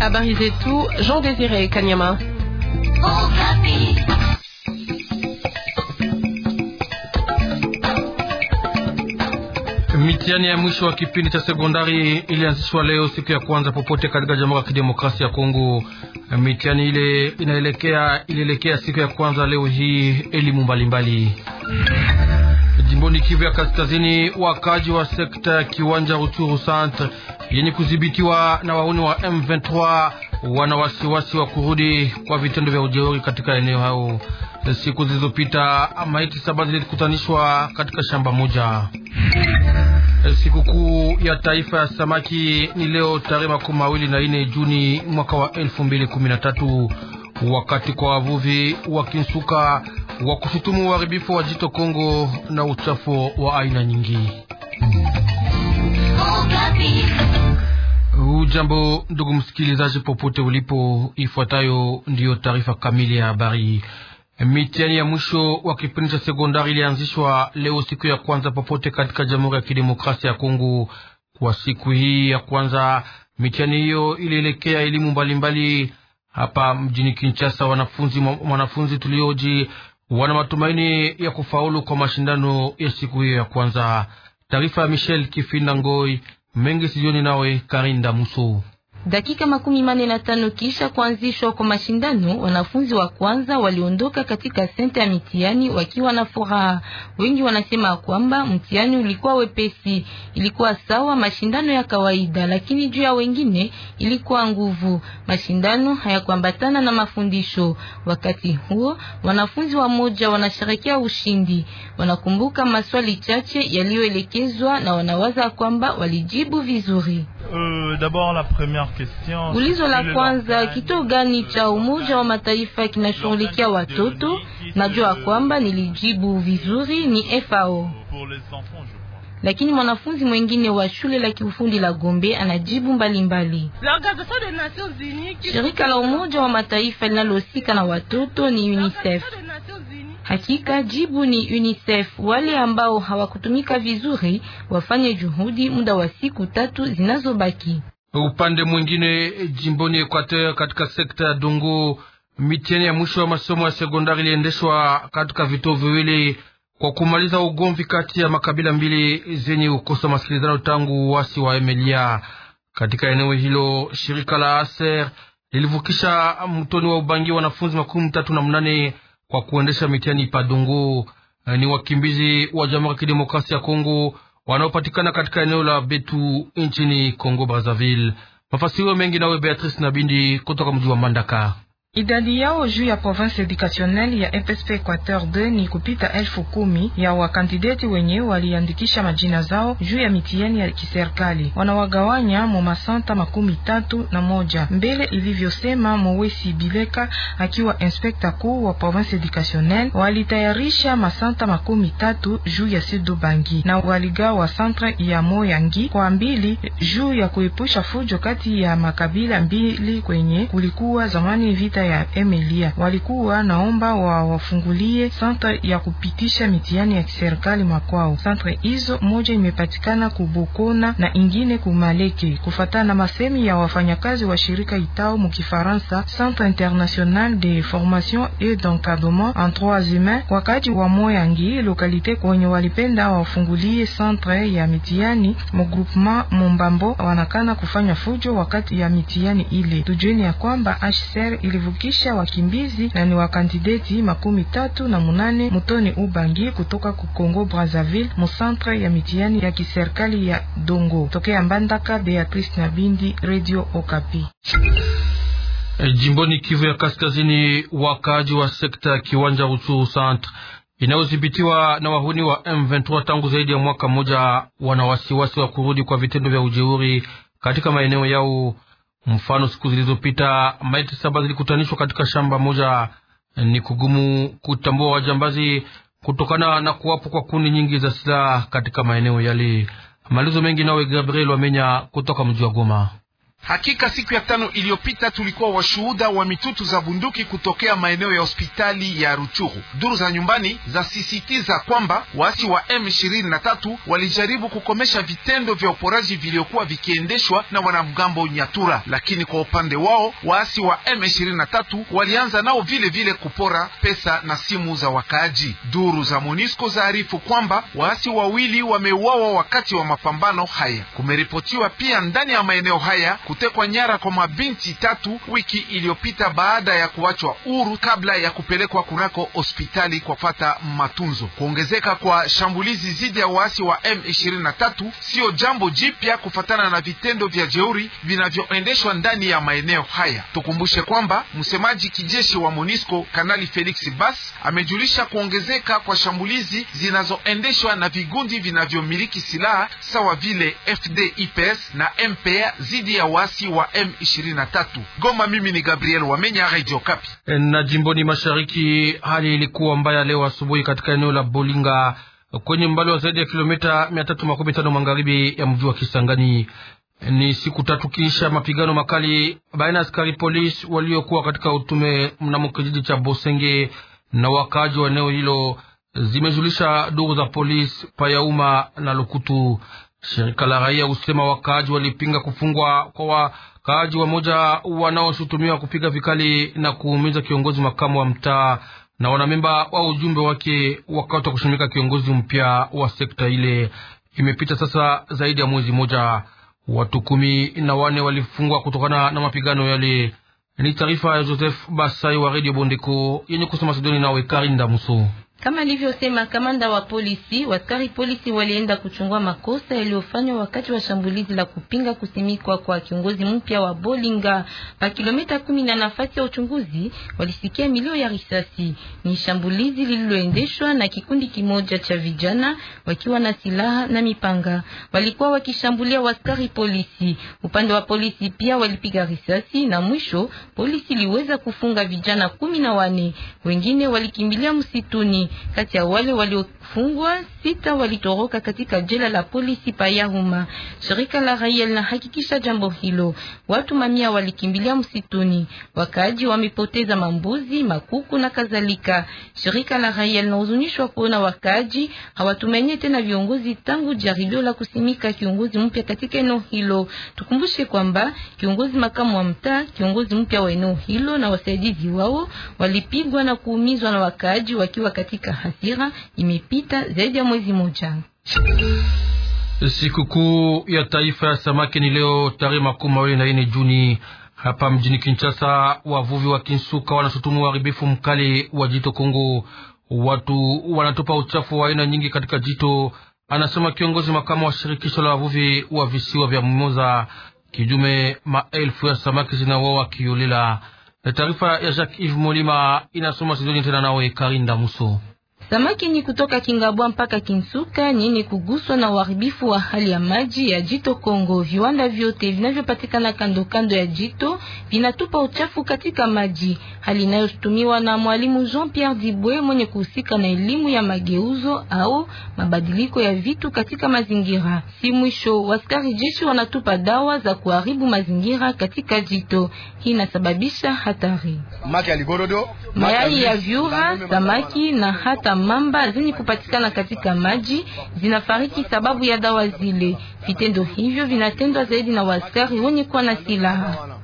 Habari zetu Jean Désiré Kanyama. Mitihani ya mwisho wa kipindi cha sekondari ilianzishwa leo siku ya kwanza popote katika Jamhuri ya Kidemokrasia ya Kongo. Mitihani ile inaelekea ilielekea siku ya kwanza leo hii elimu mbalimbali jimboni Kivu ya Kaskazini, wakaji wa sekta ya kiwanja Ruchuru centre yenye kudhibitiwa na wauni wa M23 wana wasiwasi wa kurudi kwa vitendo vya ujeuri katika eneo hao. Siku zilizopita maiti saba zilikutanishwa katika shamba moja. Sikukuu ya taifa ya samaki ni leo tarehe makumi mawili na nne Juni mwaka wa elfu mbili kumi na tatu wakati kwa wavuvi wakinsuka wa kushutumu uharibifu wa jito Kongo na uchafu wa aina nyingi. Ujambo ndugu msikilizaji, popote ulipo, ifuatayo ndiyo taarifa kamili ya habari. Mitihani ya mwisho wa kipindi cha sekondari ilianzishwa leo siku ya kwanza popote katika Jamhuri ya Kidemokrasia ya Kongo. Kwa siku hii ya kwanza, mitihani hiyo ilielekea elimu mbalimbali hapa mjini Kinshasa. Wanafunzi, wanafunzi tulioji wana matumaini ya kufaulu kwa mashindano ya siku hiyo ya kwanza. Taarifa ya Michel Kifinda Ngoi mengi sijioni nawe Karinda Muso. Dakika makumi mane na tano kisha kuanzishwa kwa mashindano, wanafunzi wa kwanza waliondoka katika senta ya mitihani wakiwa na furaha. Wengi wanasema kwamba mtihani ulikuwa wepesi, ilikuwa sawa mashindano ya kawaida, lakini juu ya wengine ilikuwa nguvu. Mashindano hayakuambatana na mafundisho. Wakati huo wanafunzi wa moja wanasherekea ushindi, wanakumbuka maswali chache yaliyoelekezwa na wanawaza kwamba walijibu vizuri. Euh, Ulizo la kwanza, kituo gani cha Umoja wa Mataifa kinashughulikia watoto? Najua euh, kwamba nilijibu vizuri ni FAO, lakini mwanafunzi mwengine wa shule la kiufundi la Gombe anajibu mbalimbali mbali. Shirika la Umoja wa Mataifa linalohusika na watoto ni UNICEF Hakika jibu ni UNICEF. Wale ambao hawakutumika vizuri wafanye juhudi muda wa siku tatu zinazobaki. Upande mwingine, jimboni Equateur, katika sekta ya Dungu, mitihani ya mwisho ya masomo ya sekondari iliendeshwa katika vituo viwili kwa kumaliza ugomvi kati ya makabila mbili zenye kukosa masikilizano tangu uasi wa Emelia. Katika eneo hilo shirika la Aser lilivukisha mtoni wa Ubangi wanafunzi makumi matatu na mnane kwa kuendesha mitihani Padungu. Eh, ni wakimbizi wa Jamhuri ya Kidemokrasia ya Kongo wanaopatikana katika eneo la Betu nchini Kongo Brazzaville. Mafasirio mengi nawe Beatrice Nabindi kutoka mji wa Mbandaka. Idadi yao juu ya province educationel ya EPSP Equateur 2 ni kupita elfu kumi ya wakandideti wenye waliandikisha majina zao juu ya mitihani ya kiserikali, wanawagawanya mu masanta makumi tatu na moja mbele ilivyosema Mowesi Bileka akiwa inspekta kuu wa province educationel. Walitayarisha masanta makumi tatu juu ya Sidu Bangi na waligawa centre ya Moyangi kwa mbili juu ya kuepusha fujo kati ya makabila mbili kwenye kulikuwa zamani vita wilaya ya Emilia walikuwa naomba wawafungulie santre ya kupitisha mitihani ya kiserikali makwao. Santre hizo moja imepatikana kubokona na ingine kumaleke. Kufatana na masemi ya wafanyakazi wa shirika itao mukifaransa Centre International de Formation et d'Encadrement en Trois Humains, wakati wa Moyangi lokalite kwenye walipenda wafungulie santre ya mitihani mugroupement Mombambo, wanakana kufanya fujo wakati ya mitihani ile. Tujueni ya kwamba HCR ilivu kutumikisha wakimbizi na ni wakandideti makumi tatu na munane mutoni Ubangi kutoka ku Kongo Brazzaville mu centre ya mitihani ya kiserikali ya Dongo. Tokea Mbandaka, Beatrice Nabindi, Radio Okapi. Eh, jimboni Kivu ya Kaskazini, wakaaji wa sekta ya kiwanja Ruchuru centre inayodhibitiwa na wahuni wa M23 tangu zaidi ya mwaka mmoja, wana wasiwasi wa kurudi kwa vitendo vya ujeuri katika maeneo yao. Mfano, siku zilizopita maiti saba zilikutanishwa katika shamba moja. Eh, ni kugumu kutambua wajambazi kutokana na kuwapo kwa kundi nyingi za silaha katika maeneo yale. Malizo mengi nawe Gabriel Wamenya kutoka mji wa Goma. Hakika siku ya tano iliyopita tulikuwa washuhuda wa mitutu za bunduki kutokea maeneo ya hospitali ya Ruchuru. Duru za nyumbani zasisitiza kwamba waasi wa M23 walijaribu kukomesha vitendo vya uporaji vilivyokuwa vikiendeshwa na wanamgambo Nyatura, lakini kwa upande wao waasi wa M23 walianza nao vile vile kupora pesa na simu za wakaaji. Duru za Monisco zaarifu kwamba waasi wawili wameuawa wakati wa mapambano haya. Kumeripotiwa pia ndani ya maeneo haya kutekwa nyara kwa mabinti tatu wiki iliyopita baada ya kuachwa huru kabla ya kupelekwa kunako hospitali kwa fata matunzo. Kuongezeka kwa shambulizi dhidi ya waasi wa M23 siyo jambo jipya kufatana na vitendo vya jeuri vinavyoendeshwa ndani ya maeneo haya. Tukumbushe kwamba msemaji kijeshi wa MONUSCO Kanali Felix Bas amejulisha kuongezeka kwa shambulizi zinazoendeshwa na vigundi vinavyomiliki silaha sawa vile FDIPS na MPA dhidi ya waasi wa M23 Goma. Mimi ni Gabriel Wamenya, Radio Kapi. Eh, na jimboni mashariki, hali ilikuwa mbaya leo asubuhi katika eneo la Bolinga kwenye mbali wa zaidi ya kilomita 315 magharibi ya mji wa Kisangani. Eh, ni siku tatu kisha mapigano makali baina ya askari polisi waliokuwa katika utume mnamo kijiji cha Bosenge na wakaaji wa eneo hilo, zimejulisha duru za polisi Payauma na Lukutu. Shirika la raia husema wakaaji walipinga kufungwa kwa wakaaji wamoja wanaoshutumiwa kupiga vikali na kuumiza kiongozi makamu wa mtaa na wanamemba wa ujumbe wake wakati wa kushimika kiongozi mpya wa sekta ile. Imepita sasa zaidi ya mwezi moja, watu kumi na wane walifungwa kutokana na mapigano yale. Ni taarifa ya Joseph Basai wa redio Bondeko yenye kusoma Sidoni nawe Karinda Muso. Kama alivyosema kamanda wa polisi, waskari polisi walienda kuchungua makosa yaliyofanywa wakati wa shambulizi la kupinga kusimikwa kwa kiongozi mpya wa Bolinga pa kilomita kumi na nafasi ya uchunguzi, walisikia milio ya risasi. Ni shambulizi lililoendeshwa na kikundi kimoja cha vijana wakiwa na silaha na mipanga, walikuwa wakishambulia waskari polisi. Upande wa polisi pia walipiga risasi, na mwisho polisi liweza kufunga vijana kumi na wane, wengine walikimbilia msituni. Kati ya wale waliofungwa sita walitoroka katika jela la polisi Payahuma. Shirika la raia linahakikisha jambo hilo. Watu mamia walikimbilia msituni, wakaaji wamepoteza mambuzi, makuku na kadhalika. Shirika la raia linahuzunishwa kuona wakaaji hawatumaini tena viongozi tangu jaribio la kusimika kiongozi mpya katika eneo hilo. Tukumbushe kwamba kiongozi makamu wa mtaa, kiongozi mpya wa eneo hilo na wasaidizi wao walipigwa na kuumizwa na wakaaji wakiwa katika katika hasira imepita zaidi ya mwezi mmoja. Sikukuu ya taifa ya samaki ni leo tarehe makumi mawili na nne Juni hapa mjini Kinshasa. Wavuvi wa Kinsuka wanashutumu uharibifu mkali wa jito Kongo. Watu wanatupa uchafu wa aina nyingi katika jito, anasema kiongozi makamu wa shirikisho la wavuvi wa visiwa vya Mimoza. Kijume, maelfu ya samaki zinauawa kiolela. Taarifa ya Jacques Yves Molima inasoma sizoni tena nawe Karinda Muso. Samaki ni kutoka Kingabwa mpaka Kinsuka ni kuguswa na uharibifu wa hali ya maji ya Jito Kongo. Viwanda vyote vinavyopatikana kando kando ya Jito vinatupa uchafu katika maji, hali inayostumiwa na mwalimu Jean Pierre Dibwe mwenye kuhusika na elimu ya mageuzo au mabadiliko ya vitu katika mazingira. Si mwisho, waskari jeshi wanatupa dawa za kuharibu mazingira katika Jito. Hii inasababisha hatari. Mayai ya vyura, samaki na hata mamba zenye kupatikana katika maji zinafariki sababu ya dawa zile. Vitendo hivyo vinatendwa zaidi na waskari wenye kuwa na silaha.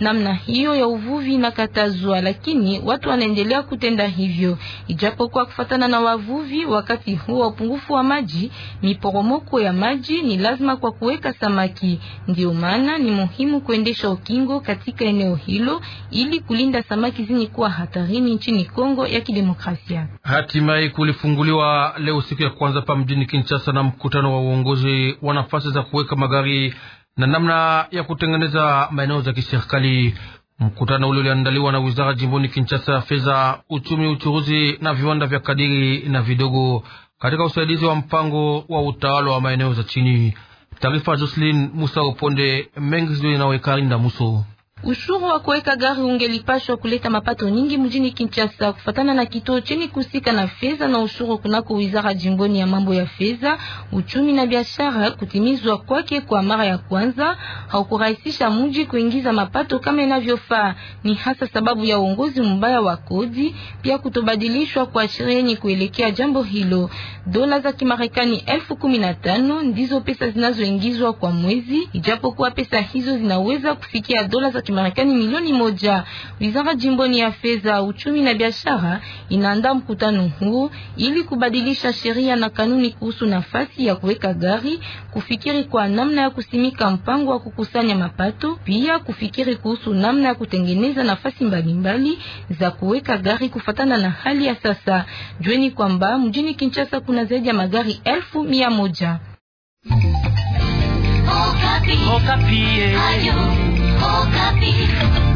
Namna hiyo ya uvuvi inakatazwa, lakini watu wanaendelea kutenda hivyo, ijapokuwa kufatana na wavuvi, wakati huo wa upungufu wa maji, miporomoko ya maji ni lazima kwa kuweka samaki. Ndio maana ni muhimu kuendesha ukingo katika eneo hilo ili kulinda samaki zenye kuwa hatarini nchini Kongo ya Kidemokrasia. Hatimaye kulifunguliwa leo siku ya kwanza pa mjini Kinshasa na mkutano wa uongozi wa nafasi za kuweka magari na namna ya kutengeneza maeneo za kiserikali. Mkutano ule uliandaliwa na wizara jimboni Kinshasa ya fedha, uchumi, uchuruzi na viwanda vya kadiri na vidogo katika usaidizi wa mpango wa utawala wa maeneo za chini. Taarifa Jocelyn Musa Uponde mengi zilizo inawekarinda muso Ushuru wa kuweka gari ungelipashwa kuleta mapato nyingi mjini Kinshasa kufatana na kituo chini kusika na fedha na ushuru kunako wizara jimboni ya mambo ya fedha, uchumi na biashara. Kutimizwa kwake kwa mara ya kwanza haukurahisisha mji kuingiza mapato kama inavyofaa, ni hasa sababu ya uongozi mbaya wa kodi, pia kutobadilishwa kwa sheria yenye kuelekea jambo hilo. Dola za Kimarekani elfu kumi na tano ndizo pesa zinazoingizwa kwa mwezi, ijapokuwa pesa hizo zinaweza kufikia dola za Kimarekani milioni moja. Wizara jimboni ya fedha, uchumi na biashara inaandaa mkutano huo ili kubadilisha sheria na kanuni kuhusu nafasi ya kuweka gari, kufikiri kwa namna ya kusimika mpango wa kukusanya mapato, pia kufikiri kuhusu namna ya kutengeneza nafasi mbalimbali mbali za kuweka gari kufatana na hali ya sasa. Jueni kwamba mjini Kinshasa kuna zaidi ya magari elfu mia moja. Okapi. Okapi. Eh. Ayu, Okapi.